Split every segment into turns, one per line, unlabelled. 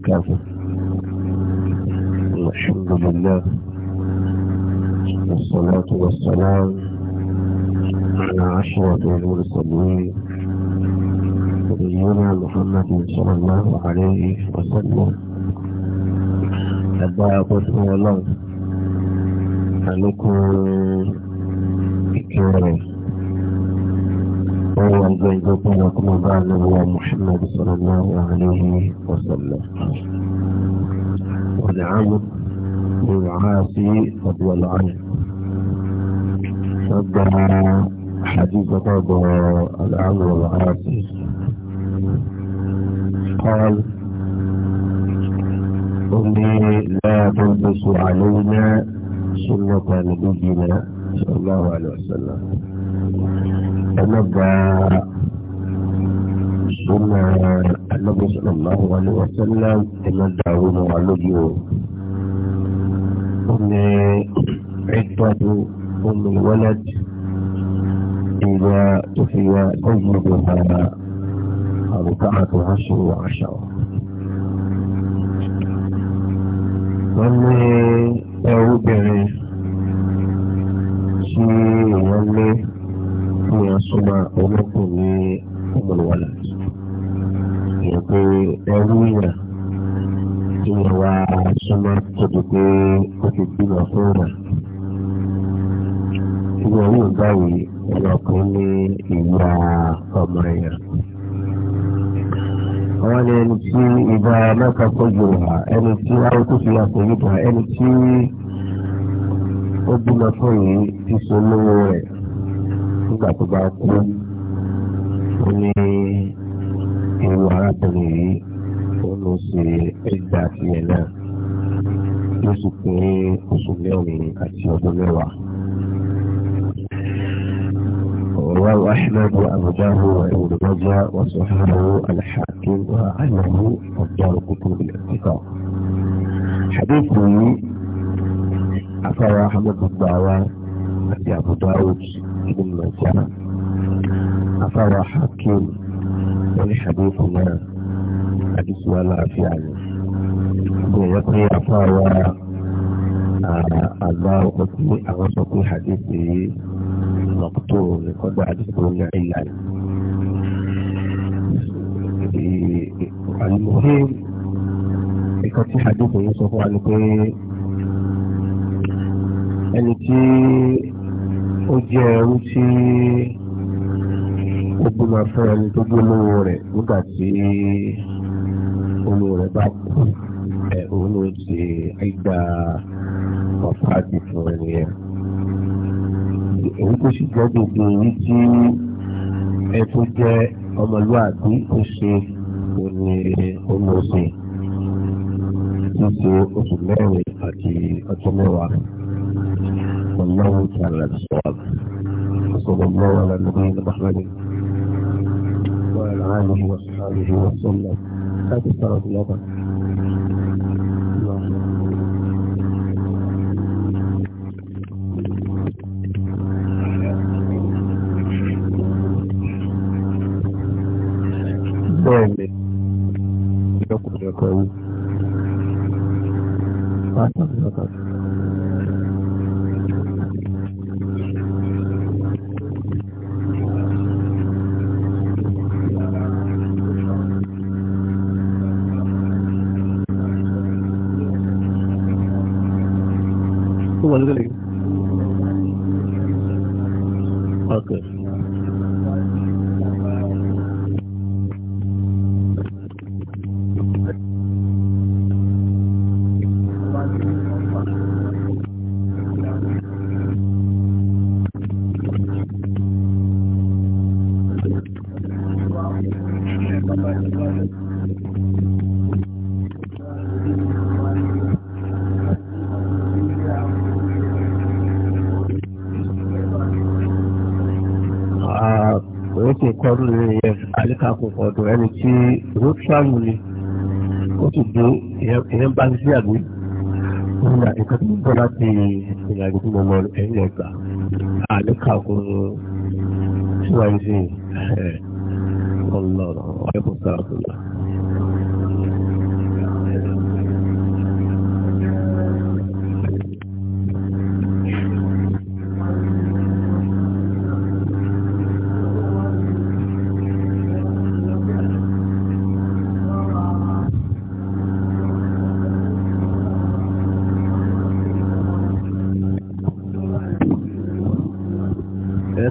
وبركاته الحمد لله والصلاة والسلام على أشرف المرسلين نبينا محمد صلى الله عليه وسلم أبا أبو الله عليكم بكره هو الزيتون وكمبان هو محمد صلى الله عليه وسلم والعمد للعاصي فضل عنه قدم حديث طاب العمد والعاصي قال قل لا تلبسوا علينا سنة نبينا صلى الله عليه وسلم ọlọ́gà ìṣúná Ànábì sallallahu alaihi wa sallam ìmọ̀dà àwọn ọmọ wa lójú o. ó ní ẹgbàdo ọmọ ìwọ́lájì ìwà tó fi wá ọgbọ̀n gbọ̀ngàn àbùkà àtúnṣe àṣà wa. wọ́n ní ẹrúbìnrin tí èèyàn lé tí wọ́n súnmọ́ olókùn ní ọmọlúwàlà ìyẹn pé ẹrú yàn tí wọ́n wá súnmọ́ tóbi pé ó ti bímọ fún wọn. ìwọ̀n yóò báyìí ọlọ́kùnrin ní ìwà ọmọ yẹn àwọn ni ẹni tí ìgbà mẹ́ta pọ̀jù wà ẹni tí àwọn tó fi àpò yìí dà ẹni tí ó bímọ fún yìí ti so lówó rẹ̀ nígbà tó bá kú ó ní ewu arábìnrin yìí ó lọ sí ẹgbàá tiẹ̀ náà ló sì pé oṣù mẹ́rin àti ọdún mẹ́wàá. رواه أحمد وأبواه وابن ماجه وصححه الحاكم وعنه الدار قطن بالاتفاق حديثه أثر أحمد الدعوات àti àbùdáwùd ibn Majah afárá hakim wani hadithu náà hadithu wa láàfíà ni bó yẹ pé afárá àgbà òkú àwọn sọ pé hadithu yìí lọ́kùtò ní kọ́dọ̀ hadithu ní ìlànà. المهم ìkan tí hadithu yìí sọ fún wa ni pé ẹni tí ó jẹ́ ẹrú tí ó gbóná fún ẹni tó gbólówó rẹ̀ nígbà tí olówó rẹ̀ bá kú ẹ̀ òun ló ṣe àìgbà ọ̀pá àti fún ẹni yẹn. èyí tó sì jẹ́ gbogbo èyí tí ẹ tó jẹ́ ọmọlúwàbí ó ṣe òní olóṣè tó ṣe oṣù mẹ́rin àti ọjọ́ mẹ́wàá. الله تعالى بالصواب وصلى الله على نبينا محمد وعلى اله واصحابه وسلم هذا الصلاه الاخر Thank you. kọdún ní ìyẹn àlékàkù ọ̀dọ̀ ẹni tí ó tíráàmù ni ó sì dé ìyẹn bá ń sí àgbé nígbà nǹkan tó ń bọ́ láti ìrìnàjò tó mọ̀ ẹ̀yìn ẹ̀gbà àlékàkù síwájú sí ọlọ́run ọ̀ẹ́kùn sáà tó lọ.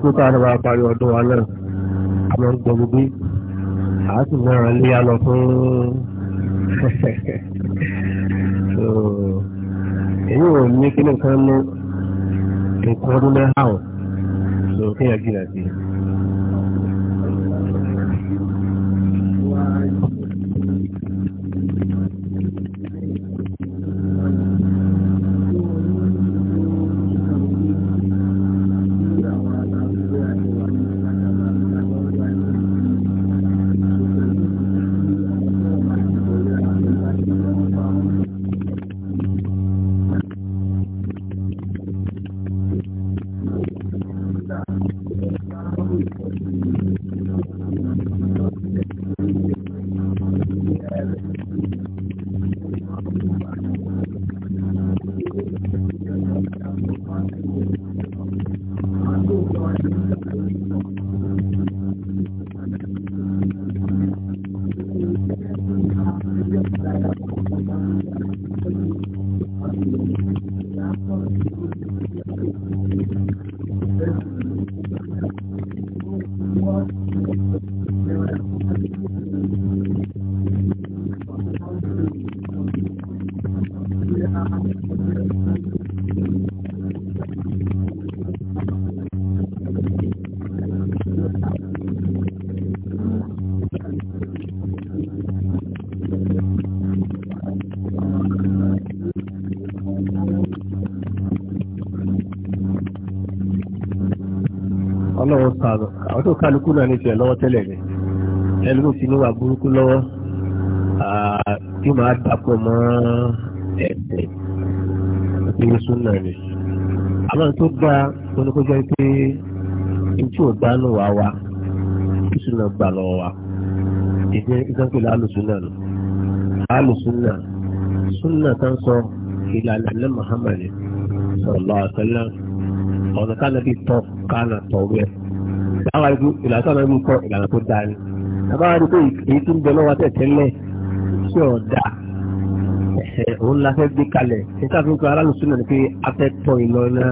ẹ̀kú tá a lọ bá parí ọdún wa náà a máa ń gbọ́ gbogbo a sì máa lé a lọ fún èyí ò ní kí nìkan ní nǹkan ọdún náà hàn lókè ẹ̀jìnà sí i. àwọn tó kálukú náà ní tiẹ̀ lọ́wọ́ tẹ́lẹ̀ ni ẹlòmíì ti níwà burúkú lọ́wọ́ tí màá dàpọ̀ mọ́ ẹ̀sẹ̀ tí ó sún náà ni. àmọ́ tó gba oníkójọ́ pé ojú ò dánú wa wa kí súnà gbà lọ́wọ́ wa ìdí ìsọ́nkìlẹ̀ alùsùnà nù alùsùnà súnà tán sọ ìlànà ní Muhammad sallallahu alaihi wasallam ọ̀nà kánà bí tọ́ kánà tọ̀wé àwọn àdìgbò ìlànà tó àwọn kọ ìlànà tó dáa ni àbá wa ni pé èyí tó ń bẹ lọ́wọ́ tẹ̀tẹ́lẹ̀ sí ọ̀dà òun la fẹ́ gbé kalẹ̀ níta fún kan aráàlú súnà ni pé a fẹ́ tọ̀ ìlọ́nà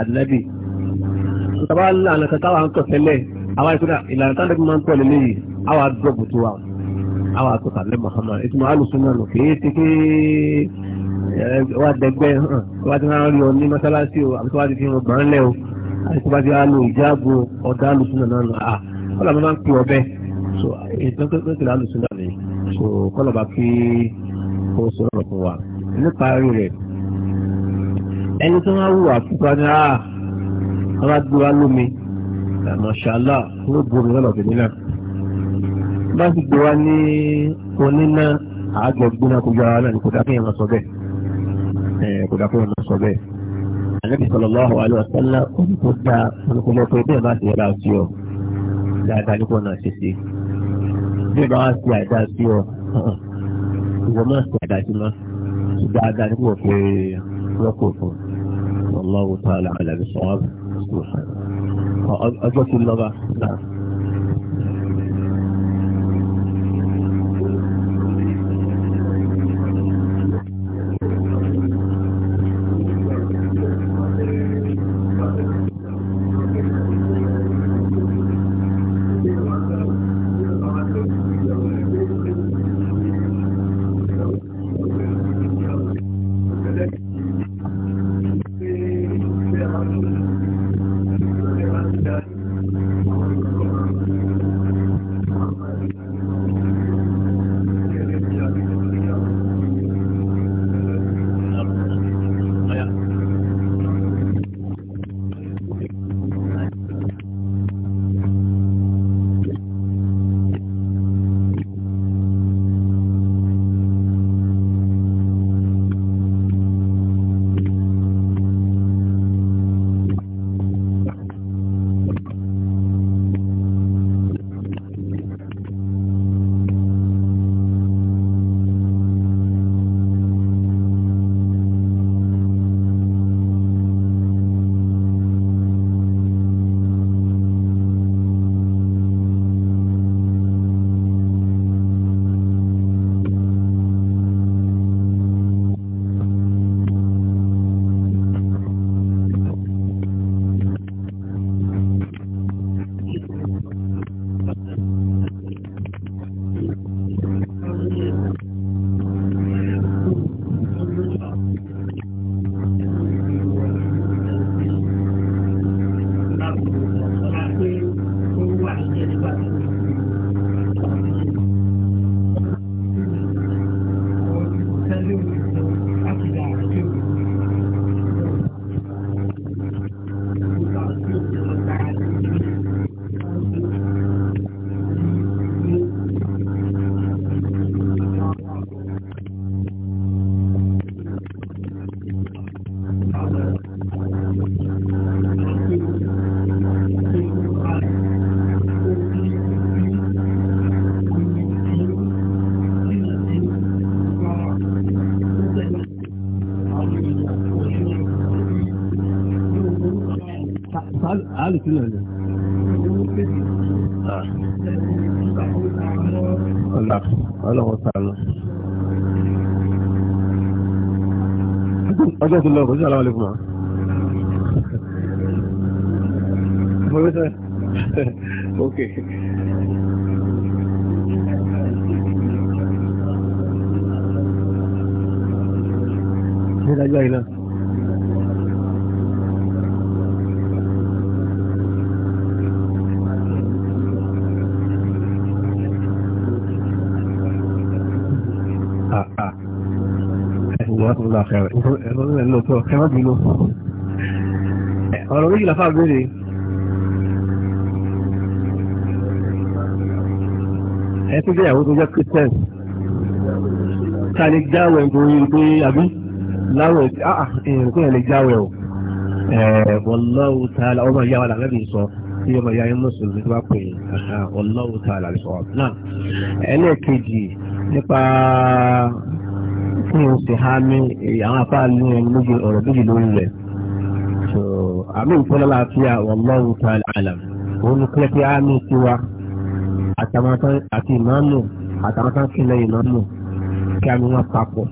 àdínábì ìtàbá ìlànà kan táwa ń tọ̀ tẹ́lẹ̀ àwa ìkúnà ìlànà táwọn ẹgbẹ́ máa ń tọ̀ lé léyìí àwa dọ̀bù tó wa àwa tó kàlẹ́ Muhammad ìtumọ̀ aráàlú súnà nù kéé ti kéé wá dẹgbẹ́ hàn wá ti máa ń rí ọ ní mọ́sálásí o àbí tó wá ti fi hàn gbọ́n lẹ́ o àìsíwájú á lo ìjáàbò ọ̀dà alùsùnà náà lọ à kọ́lá máa ń pè ọbẹ̀ so ìtọ́kẹ́kẹ́ alùsùnà ni so kọ́lá bá kí ó sọ̀rọ̀ fún wa nípa rẹ̀ ẹni tó máa wù àfúgbà ni àà wọ́n á gbé wa lómi mọ̀ṣálá ló gbómi lọ́nà òbí nílẹ̀ bá sì gbé wa ní oníná àgbẹ̀ gbóná kó yára náà ní kò dákẹ́ yẹn máa sọ bẹ́ẹ̀ kò dákẹ́ yẹn máa sọ bẹ́ẹ̀ ànábì sallallahu alaihi wasallam òní tó dá olùkọ́mọ́ tó bẹ́ẹ̀ bá ti yẹ bá sí ọ dáadáa nípò náà ṣe ṣe bẹ́ẹ̀ bá wá àdá sí ọ ìwọ máa sí àdá sí máa dáadáa nípò pé lọ́kọ̀ fún Allahu ta'ala àlàbí sọ́wọ́ ọjọ́ ti lọ́ba náà. alùsùn náà ni. Ah. ọ̀là ọlọ́wọ́ sàánú. ọjọ́ tó lọ kò sí àlàó lẹ́kùn náà. mo rí sẹ́ ìsọ́lá fẹ́rẹ̀ ìsọ́lá lóòótọ́ ẹ̀rọ bínú ọ̀rọ̀ méjìlá fà gbére ẹ tó jẹ́ ìyàwó tó jẹ́ christian ta ni jáwẹ̀ nítorí pé àbí láwẹ̀ ah èèyàn kò yẹn lè jáwẹ̀ o wallahu ta'ala ọmọ ìyá wa làwọn ẹbí sọ tí ọmọ ìyá yẹn mùsùlùmí tó bá pè é wallahu ta'ala sọ náà ẹlẹ́ẹ̀kejì nípa kí n sì há mi eh, àwọn afá ní ẹni méjì ọ̀rọ̀ méjì lórí rẹ̀ so àmì ìfọlọ́lá fi àwọn ọlọ́run ta àlàm òun ní pẹ́ẹ́pẹ́ àmì tiwa àti ìmáàmù àtàwọn kan kí lẹ́yìn ìmáàmù kí àmì wọn papọ̀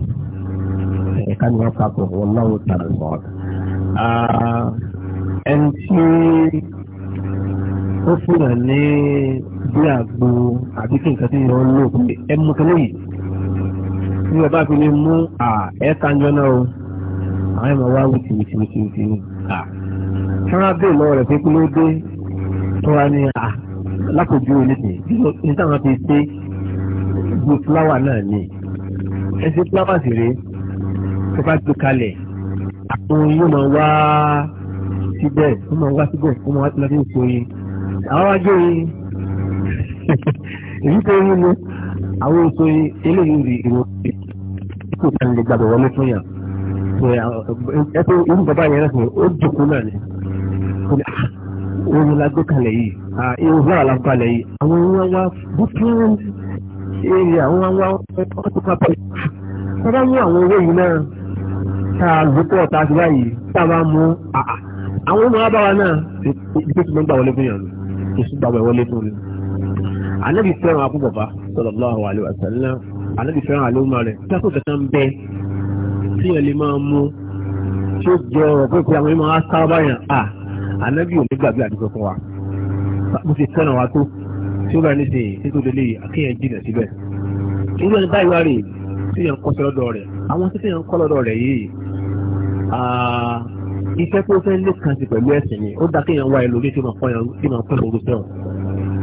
ẹ̀ka eh, ni wọn papọ̀ ọlọ́run ta àlàm. ẹni tí ó fún ní bí àgbo àbí nǹkan tí yàn ń lò ẹ mú kẹlẹ́yìn tí ọba fi lè mú ẹ̀ẹ́ta ńjọ náà o àwọn ẹ̀mọ̀ wá wùtì wùtì wùtì wùtì à ṣọ́ra bẹ́ẹ̀ lọ́wọ́ rẹ̀ pé kí ló dé tó wá ní à lápòjú oníṣẹ́ ní táwọn fi ṣe ju fúláwà náà ní ẹsẹ̀ fúláwà sì rèé tó bá gbé kalẹ̀ àwọn yóò máa wá síbẹ̀ ó máa wá síbẹ̀ ó máa wá síbẹ̀ ó sọ yìí àwọn ajé yìí èyí tó yín ni àwọn èso yìí eléyìí rí ìwọ kò tán lè gbàgbọ́ wọlé fún yàn ẹ pé irú bàbá yẹn rẹ̀ ó jòkó náà ni oyin la gbé kalẹ̀ yìí irun fúláwà la balẹ̀ yìí àwọn èèyàn wa different area àwọn wa ọtí papọ̀ sábà mú àwọn owó yìí náà tá a lòpọ̀ tá a ti báyìí tá a bá mú àwọn ọmọ wa bá wa náà ibi tó ti máa ń gbà wọlé fún yàn lò kò sí gbà wọlé fún mi. ànábì fẹ́ràn akú bàbá sallallahu alaihi wa sallam alábi fẹ́ràn àlómà rẹ̀ tákò kẹta ń bẹ tí ẹ̀ lè máa mú tí ó jẹ́ ọ̀rọ̀ pé pé àwọn ẹ̀mọ́ á sábà yàn à anábì ò ní gbàgbé àdúgbò fún wa bó ti fẹ́ràn wa tó tí ó bá ní sè é tó délé akéèyàn jìnà síbẹ̀ irú ẹni báyìí wá rè tí yẹn ń kọ́ sọ́dọ̀ rẹ̀ àwọn tí yẹn ń kọ́ lọ́dọ̀ rẹ̀ yìí iṣẹ́ tó fẹ́ lé kan sí pẹ̀lú ẹ̀sìn ni ó dá kéèyàn wá ẹlòmíì tí máa fọ́ ẹ̀rọ tí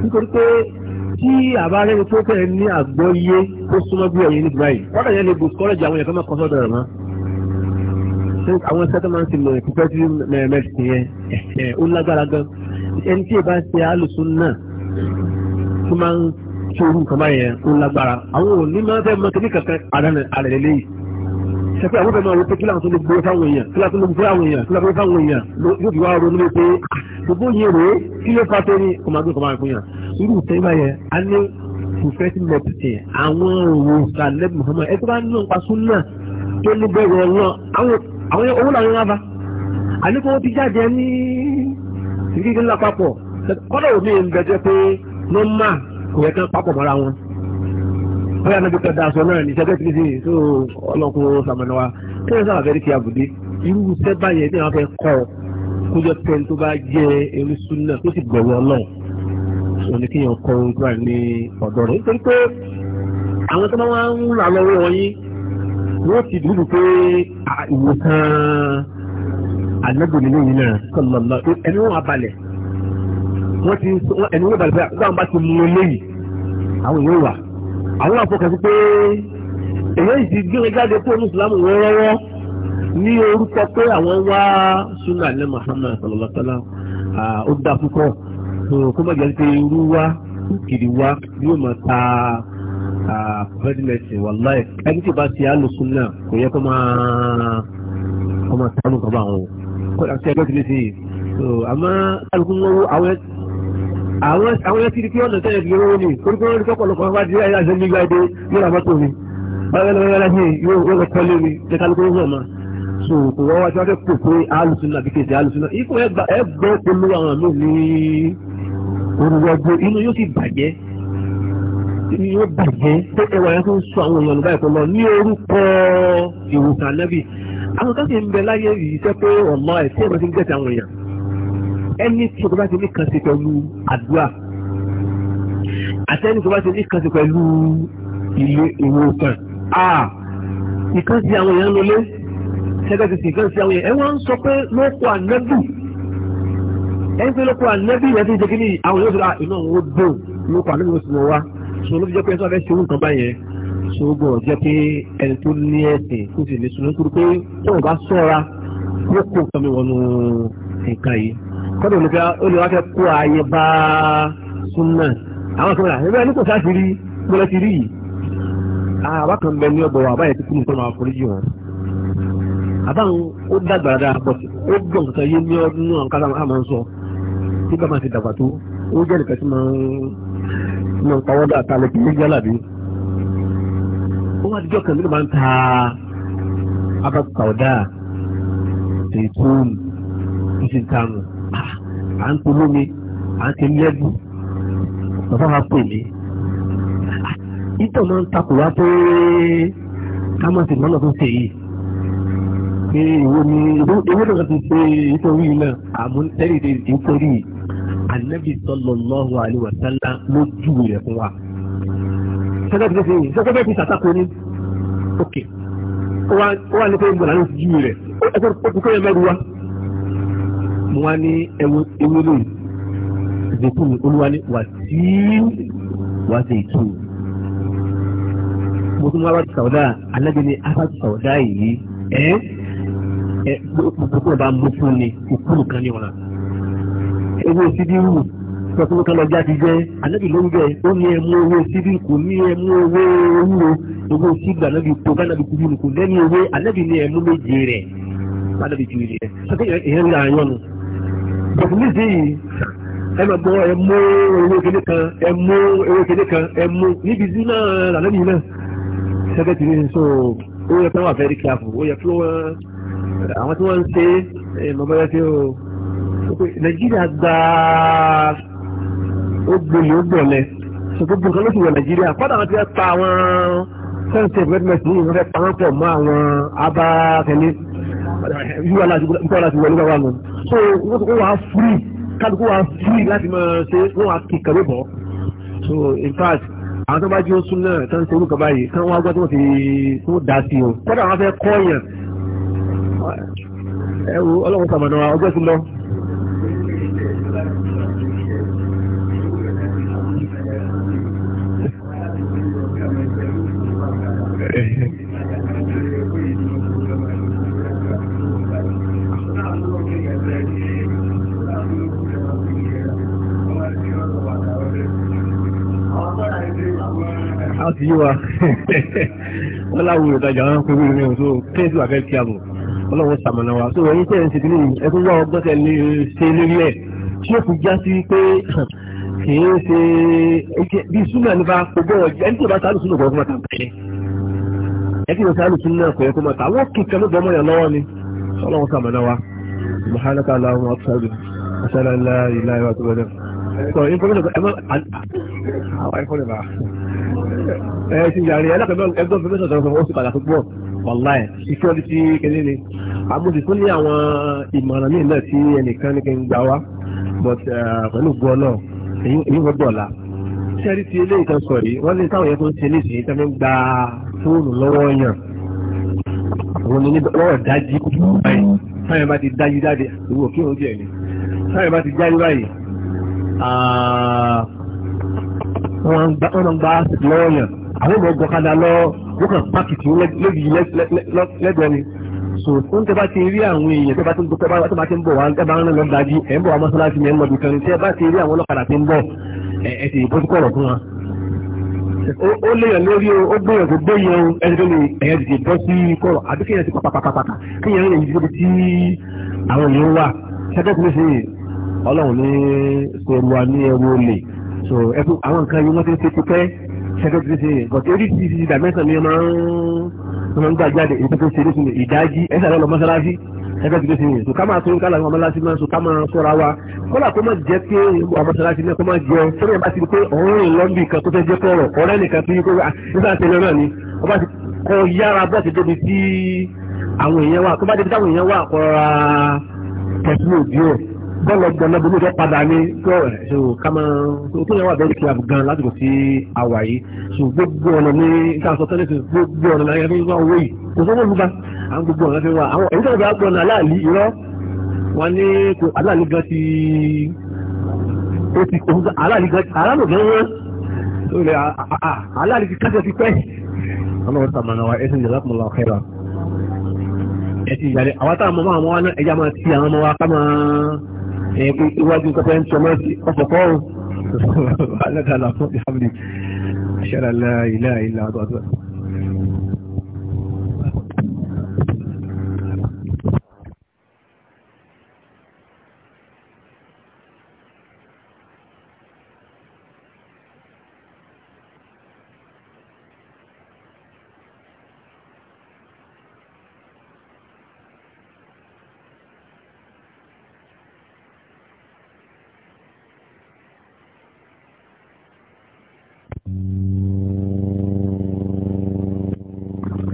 nítorí pé tí àbárẹ́ni tó fẹ́ ní àgbọ́yé tó súnmọ́ bí ẹ̀yìn nígbà yìí wọ́n dàgbẹ́ lè bù kọ́lẹ́jì àwọn èèyàn kan máa kọ́ sọ́dọ̀ rẹ̀ mọ́. àwọn settlement lọ ìpínpẹ́ tí mẹ́rẹ̀mẹ́rẹ̀ ti yẹn ó lágbára gan ẹni tí ìbá ṣe alùsùn náà tó máa ń ṣòro nǹkan báyẹn ó lágbára àwọn òní máa fẹ́ mọ kíní kankan àrẹ lélẹ́yìí sẹ́fẹ́ àwọn fẹ́ẹ́ máa ronú pé kíláà tó lè gbé fáwọn èèyàn kíláà tó lè gbé fáwọn èèyàn kíláà tó lè fáwọn èèyàn yóò fi wá ronú pé ah, gbogbo yìí rèé kí ló fa tó ní kọ̀mọ̀dún kọ̀mọ̀ àìkúnyà irú tẹ́ báyẹn a ní prophetic medicine àwọn òòsàn lẹ́bùn Muhammad ẹ tó bá nínú nípa súnà tó ní bẹ̀rẹ̀ ọ̀nà àwọn owó làwọn wá bá àníkó ti jáde ní ìdíje ńlá papọ̀ kọ́dọ̀ òní ń pé nọ́mbà kò yẹ kán papọ̀ mọ́ra wọn bóyá náà dókítà dáa sọ náà ní sẹ́gbẹ́ tìlísì tó ọlọ́kùnrin sàmánà wa kí ló sábà fẹ́ẹ́ kí abùdé irú sẹ́bà yẹn ní àwọn fẹ́ kọ́ kó jẹ́ pẹ́ẹ́n bá jẹ́ erin súnà tó sì gbọ̀wọ́ náà òun ni kéèyàn kọ ojú àìní ọ̀dọ́ rẹ̀ nítorí pé àwọn tó máa ń rà lọ́wọ́ wọn wọ́n ti dùn pé ìwòsàn alábòmínú yìí náà sọlọlọ ẹni wọn abalẹ̀ wọ́n ti ẹni wọn balẹ̀ pé àwọn bá ti mú un léyìí àwọn èèyàn wà àwọn àfọkànsí pé èèyàn yìí ti gbé wọn jáde kó ní ìsìlámù wọn rọ́wọ́ ní orúkọ pé àwọn wá sunna alẹ́ Muhammad sọlọlọ sọlá ó dá púpọ̀ so kó má jẹ́ pé irú wa kiri wa yóò máa ta bẹ́ẹ̀dì mẹ́sìn wàláì ẹni tí o bá ti alùsùn náà kò yẹ kó máa kó máa tánú kọ́ bá wọn o kó àti ẹgbẹ́ tìlẹ̀ sí i so àmọ́ alùsùn wọn wo àwọn àwọn àwọn yẹn ti di pé ọ̀nà tẹ́lẹ̀ fi owó ni orí kó wọ́n rí kọ́kọ́lọ́kọ́ wá di ẹ̀yà àṣẹ nígbà èdè yóò rà mọ́tò mi báyọ̀ lọ́wọ́ yára sí yóò yóò kọ́ lé mi kẹ́kálukú yóò mọ̀ so kò wọ́n wá tí wọ́n fẹ́ pò pé alùsùn náà bí kèsì alùsùn náà ikú ẹ gbọ́ polówó àwọn àmì ní olùwọ́gbó inú yóò sì bàjẹ́ inú yóò bàjẹ́ pé ẹwà yẹn tó ń sọ àwọn èèyàn báyìí pẹ̀lú ní orúkọ ìwòsàn anábì àwọn kan sì ń bẹ láyé yìí sẹ́ pé ọ̀la ẹ̀sìn ẹ̀rọ ti ń gẹ̀ẹ́sì àwọn èèyàn ẹni tí o bá ti ní kan ṣe pẹ̀lú àdúrà àti ẹni tó bá ti ní kan ṣe pẹ̀lú ilé ìwòsàn a ìkan sí àwọn èèyàn lólé ṣẹ́gẹ́ ti sì kan sí àwọn èèyàn ẹ wọ́n ń sọ pé lóko ànábì ẹni pé lóko ànẹ́bí yẹn ti jẹ́ kí ni àwọn yóò sọ́ra iná òun ó dùn lóko ànẹ́bí yóò sọ́ra wá so ló fi jẹ́ pé ẹni tó fẹ́ ṣe òun kan báyẹn so gbọ́dọ̀ jẹ́ pé ẹni tó ní ẹ̀sìn tó sì lè sunú kúrú pé tó o bá sọ́ra yóò kó nǹkan mi wọnú nǹkan yìí kọ́dọ̀ olùkọ́ olùwà fẹ́ kó ààyè bá súnmọ́ àwọn kan rà ẹgbẹ́ ẹni kò sáà ti rí gbọ́dọ̀ ti rí yìí àwa kan bẹ ní ọgbọ wa àbáyẹ tuntun nǹkan máa forí jù wọn àbáwọn ó dàgbà dáa pọ̀ ó gbọ̀ǹkan yé ní ọdún náà nǹkan tá a máa ń sọ bí kàmá ti dàgbà tó ó jẹ́ nìkan tí máa ń máa ń pawọ́ dà ta lẹ́kì ní jálàbí. ó wá dijọ́ kan nínú máa ń ta abakawda tètúùn títí táàmù à ń polú mi à ń ti lẹ́bù bàbá wa pè mí. Ah, ìtọ̀ máa ń takò wá pé ká má sì mọ́nà tó ṣe yìí pé ìwé ni ìwé náà ti ṣe ìtọ́rí náà àmúntẹ́rì ìtọ́rí yìí ànábì sallallahu alaihi wa sallam ló jù rẹ̀ fún wa. sọ́kẹ́ ti fẹ́ sọ́kẹ́ bẹ́ẹ̀ ti sàtàkùn ní. ok ó wà ní pé ń bọ̀ láti jù rẹ̀ ẹ̀sọ́ òkúkọ́ yẹn mẹ́rù wa. mo wá ní ẹwọ ewé lóyún zètún olúwa ní wàtíì wà zètún. mo tún wá wá ti sàwọ́dà ànábì ní afáàtì sàwọ́dà yìí ẹ́ gbogbo ẹ̀ bá mú fún ni òkúrù kan ní ọ̀ràn ewé sídìrú sọ́kúrú kan lọ́jà ti jẹ́ ànábì ló ó ní ẹmú owó sídìrú kò ní ẹmú owó ewúro owó sídìrú ànábì tó kánábì kú yìí kò lẹ́ni ewé ànábì ní ẹmú méje rẹ̀ ànábì ju ilé rẹ̀ ìyẹn ń ra àyàn nu. bọ̀dù nísìnyí ẹ máa gbọ́ ẹmú owó kéde kan ẹmú owó kéde kan ẹmú níbi sí náà ànábì náà sẹ́kẹ̀tì ní sọ ó yẹ kí wọ́n wà fẹ́ẹ́ rí kí ó yẹ kí wọ́n àwọn tí wọ́n ń ṣe mọ̀mọ́yá tí ó nàìjíríà gbàá ó gbolè ó gbọ̀lẹ̀ ṣùgbọ́n gbogbo ló ti wọ nàìjíríà padà wọn ti fẹ́ pa àwọn fẹ́ǹsì ìfẹ́tìmẹ̀tì yìí so wọ́n ti kó wàá fúri kálukú wàá fúri láti máa ṣe wọ́n wàá kí kàwé bọ̀. so in fact àwọn tó bá jí oṣù náà tó ń ṣe orúkọ báyìí kí wọ́n gbọ́ tí wọ́n ti tó dá sí o. kọ́dà wọn fẹ́ kọ́ yẹn ẹ ọlọ́run sàmànà ọgbẹ́ ti láti yíwa wọ́n láwọn olùtajà wọn kò wí ní oṣù kéèsì wà fẹ́ kí a bọ̀ ọlọ́wọ́ sàmọ̀nà wa tó wọ́n yín tẹ̀ ń ṣe kí ní ẹ̀kú wọ́n gbọ́tẹ̀ ṣe lórí ẹ̀ tí ó fi já sí pé kìí ṣe bí súnà ní bá kó bẹ́ẹ̀ ọjọ́ ẹni tí ìbá sálù súnà kò yẹ kó máa tà bẹ́ẹ̀ ẹni tí ìbá sálù súnà kò yẹ kó máa tà àwọn kìkan ló bọ́mọ̀ yàn lọ́wọ́ ni ọlọ́run kà mọ̀nà wa subhanaka allahumma wa ta'ala asala la ilaha illa anta bada so information ẹ ma àwọn ẹ̀kọ́ ni ma ẹ ti yàrá ẹ lọ́kàn ẹgbẹ́ information sọ̀rọ̀ sọ̀rọ̀ ó sì padà tó gbọ́ wàláì ìfẹ́ ọdún ti kéde ni àmọ́ sì tún ní àwọn ìmọ̀ràn míì náà tí ẹnìkan ní kí n gbà wá but uh, pẹ̀lú gbọ́nà èyí wọ́n gbọ̀la sẹ́rí ti ilé ìtàn sọ yìí wọ́n ní táwọn yẹn tó ń ṣe ní ìsìn tẹ́lẹ̀ ń gba fóònù lọ́wọ́ yàn àwọn ní lọ́wọ́ dájú báyìí táwọn bá ti dájú jáde ìwò kí òun jẹ́ ni táwọn bá ti jáde báyìí wọ́n máa ń gba lọ́wọ́ yàn àwọn ọmọ ọgbọ̀kadà lọ wọ́n kàn pákìtì lẹ́gbẹ̀ẹ́ ni so tó ń tẹ́ bá ti rí àwọn èèyàn tẹ́ bá ti ń bọ̀ tẹ́ bá ti ń bọ̀ wá tẹ́ bá ń lọ dájú ẹ̀ ń bọ̀ wá mọ́sálásí ẹ̀ ń lọ dùkan tẹ́ bá ti rí àwọn ọlọ́kadà ti ń bọ̀ ẹ̀ ti bọ́ sí kọ̀rọ̀ fún wa. ó léyàn lórí o ó gbéyàn kó gbéyàn o ẹni tó lè ẹ̀yàn ti bọ́ sí kọ̀rọ̀ àbí kéèyàn ti pàpàpàpàpà kéèyàn rìn yìí débi tí àwọn èèyàn wà ṣẹ́gbẹ́ tí ó ṣe ọlọ́run ní sọ̀rọ̀ wa ní ẹrú olè so àwọn ṣẹ́kẹ́ ti ṣe bọ̀tí orí ti ti dàmẹ́sàn ni ẹ máa ń máa ń gbà jáde èyí tó ṣe lóṣù ìdájí ẹ̀sà lọ́nà mọ́sálásí ṣẹ́kẹ́ ti ṣe so ká máa tó kálà àwọn mọ́sálásí máa so ká máa sọ́ra wa kọ́là kó má jẹ́ pé àwọn mọ́sálásí náà kó má jẹ sọ́dọ̀ bá ti di pé ọ̀rìn lọ́mbì kan tó fẹ́ jẹ́ kọ̀rọ̀ ọ̀rẹ́ nìkan tó yí kó nígbà tẹ̀lé náà ni wọ́n bá ti kọ́ yára bọ́ ti débi tí àwọn èèyàn wà tó bá débi táwọn èèyàn wà kọ́ra tẹ̀síwò bọ́ọ̀lù ọgbọ̀n náà bọ́ọ̀lù fẹ́ padà ní gbọ́ọ̀rẹ̀ so ká máa so tó yẹn wà bẹ́ẹ̀ kí a gan lásìkò sí àwà yìí so gbogbo ọ̀nà ní káàsọ tẹ́lẹ̀ sí gbogbo ọ̀nà láyé fún wa owó yìí kò sọ́wọ́ mi bá àwọn gbogbo ọ̀nà fẹ́ wa àwọn èyí tó bá gbọ́ ọ̀nà aláàlí irọ́ wọn ní aláàlí gan ti ó ti kò aláàlí gan aráàlú gan wọn so ilẹ̀ aláàlí ti kájọ ti pẹ́ ọlọ́run sàmànà wa ẹ̀sìn ìjọba kùnlọ́ ọ̀kẹ́ra ẹ̀sìn ìjàre àwọn táwọn ọmọ àwọn ọmọ wa náà ẹ̀yà máa iwájú kọ́kọ́ ń tọ́mọ́ sí ọ̀pọ̀pọ̀ o alẹ́ dàlà fún ìhàmìlì ṣẹlẹ̀ ilẹ̀ ilẹ̀ àdọ́dọ́